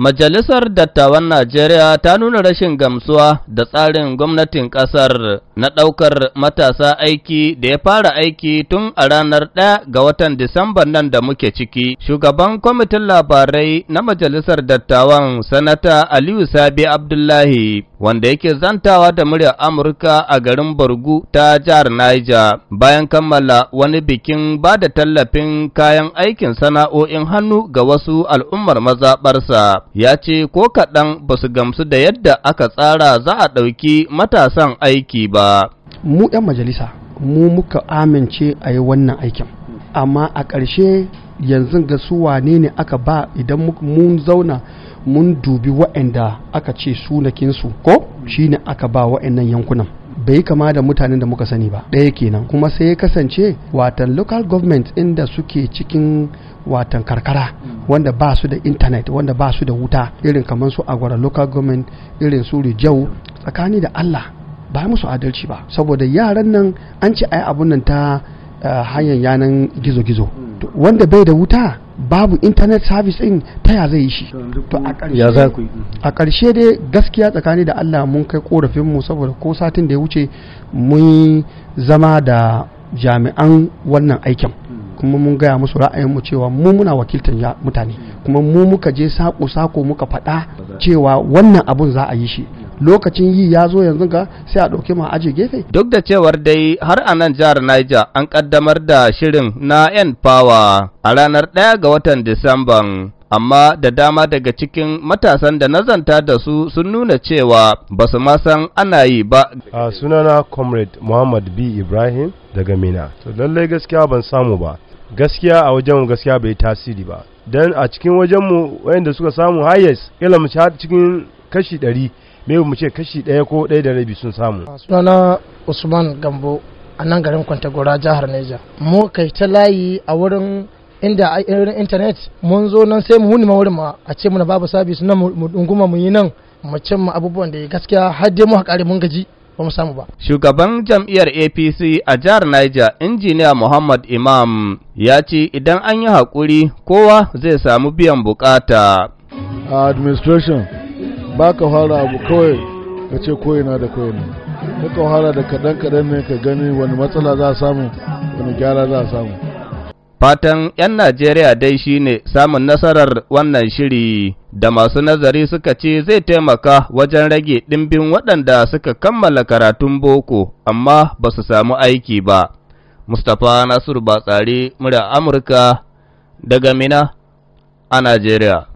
Majalisar Dattawan Najeriya ta nuna rashin gamsuwa da tsarin gwamnatin ƙasar na ɗaukar matasa aiki da ya fara aiki tun a ranar ɗaya ga watan Disamba nan da muke ciki. Shugaban kwamitin labarai na Majalisar Dattawan Sanata Aliyu Sabi Abdullahi wanda yake zantawa da muryar Amurka a garin Bargu ta jihar Niger bayan kammala wani bikin ba da tallafin kayan aikin sana'o'in hannu ga wasu al'ummar mazaɓarsa ya ce ko kaɗan ba su gamsu da yadda aka tsara za a ɗauki matasan aiki ba. Mu ɗan majalisa, mu muka amince a yi wannan aikin, amma a ƙarshe yanzu ga su wane ne aka ba idan mun zauna mun dubi waɗanda aka ce sunakinsu ko shine aka ba waɗannan yankunan bai kama da mutanen da muka sani ba ɗaya kenan kuma sai ya kasance watan local government inda suke cikin watan karkara wanda ba su da intanet wanda ba su da wuta irin kamar su agwara local government irin su rijau tsakani da allah ba musu adalci ba saboda yaran nan an ce ai abun nan ta eh, hanyar yanan gizo-gizo hmm. wanda bai da wuta babu internet service din ta ya zai yi shi to a ƙarshe dai gaskiya tsakani da Allah mun kai korafin mu saboda ko satin da ya wuce mun zama da jami'an wannan aikin hmm. kuma mun gaya musu ra'ayinmu cewa mu muna wakiltar mutane hmm. kuma mu muka je sako-sako muka faɗa cewa wannan abun za a yi shi hmm. lokacin yi ya zo yanzu ga sai a ɗauki ma aje gefe duk da cewar dai har a nan jihar Niger an ƙaddamar da shirin na yan power a ranar ɗaya ga watan disamba amma da dama daga cikin matasan da nazanta da su sun nuna cewa ba su ma san ana yi ba. A sunana Comrade Muhammad B. Ibrahim daga Mina. To lallai gaskiya ban samu ba. Gaskiya a wajenmu gaskiya bai tasiri ba. Dan a cikin wajenmu wayanda suka samu highest ilm cikin kashi ɗari me mu ce kashi ɗaya ko ɗaya da rabi sun samu sunana usman gambo a nan garin kwantagora jihar neja mu kai ta layi a wurin inda a irin intanet mun zo nan sai mu huni ma wurin ma a ce muna babu sabis na mu dunguma mu yi nan mu cin abubuwan da gaskiya har dai mu hakari mun gaji ba mu samu ba. Shugaban jam'iyyar APC a jihar Niger, injiniya Muhammad Imam ya ce idan an yi haƙuri kowa zai samu biyan bukata. Administration ba ka fara abu kawai ka ce koyina da koyina ka fara da kaɗan kaɗan ne ka gani wani matsala za a samu wani gyara za a samu fatan 'yan najeriya dai shine samun nasarar wannan shiri da masu nazari suka ce zai taimaka wajen rage ɗimbin waɗanda suka kammala karatun boko amma ba su samu aiki ba mustapha nasiru batsari murya amurka daga mina a najeriya